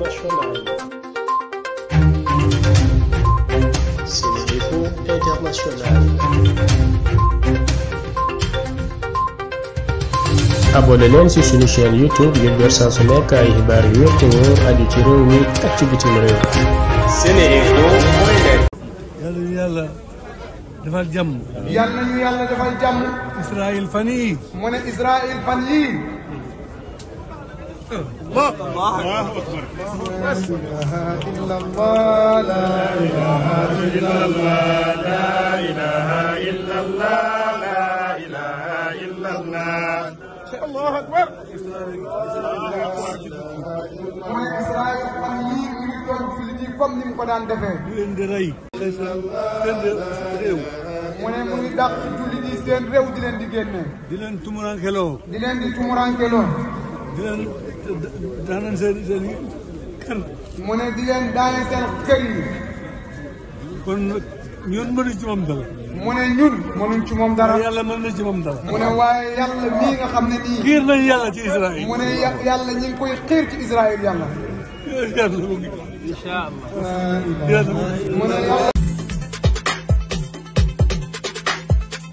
internationale. Sénéinfo International. abonné leen ci suñu chaîne YouTube ngir jot saa su nekk ay xibaar yu wér te wóor aju ci réew mi ak ci bitim réew. Sénéinfo mooy leen. yàlla ñu yàlla defal jàmm. yàlla ñu yàlla defal jàmm. Israël fan yii. mu ne Israël fan yii. الله اكبر لا اله الا الله لا اله الا الله لا اله الا الله لا اله الا الله الله اكبر mooy Israël fan yii ñu ngi doon jullit yi comme ni mu ko daan defee. ñu leen di rey. seen réew. mu ne mu ngi dàq jullit yi seen réew di leen di génne. di leen tumurankeloo. di leen di tumurankeloo. dinañ daaneel seen seen kër. mu ne di leen daaneel seen kër yi. kon nag ñun mënuñ ci moom dara. mu ne ñun mënuñ ci moom dara. yàlla mën na ci moom dara. mu ne waaye yàlla mii nga xam ne nii. xiir nañ yàlla ci Israël. mu ne yàlla ñi ngi koy xiir ci Israël yàlla. incha allah.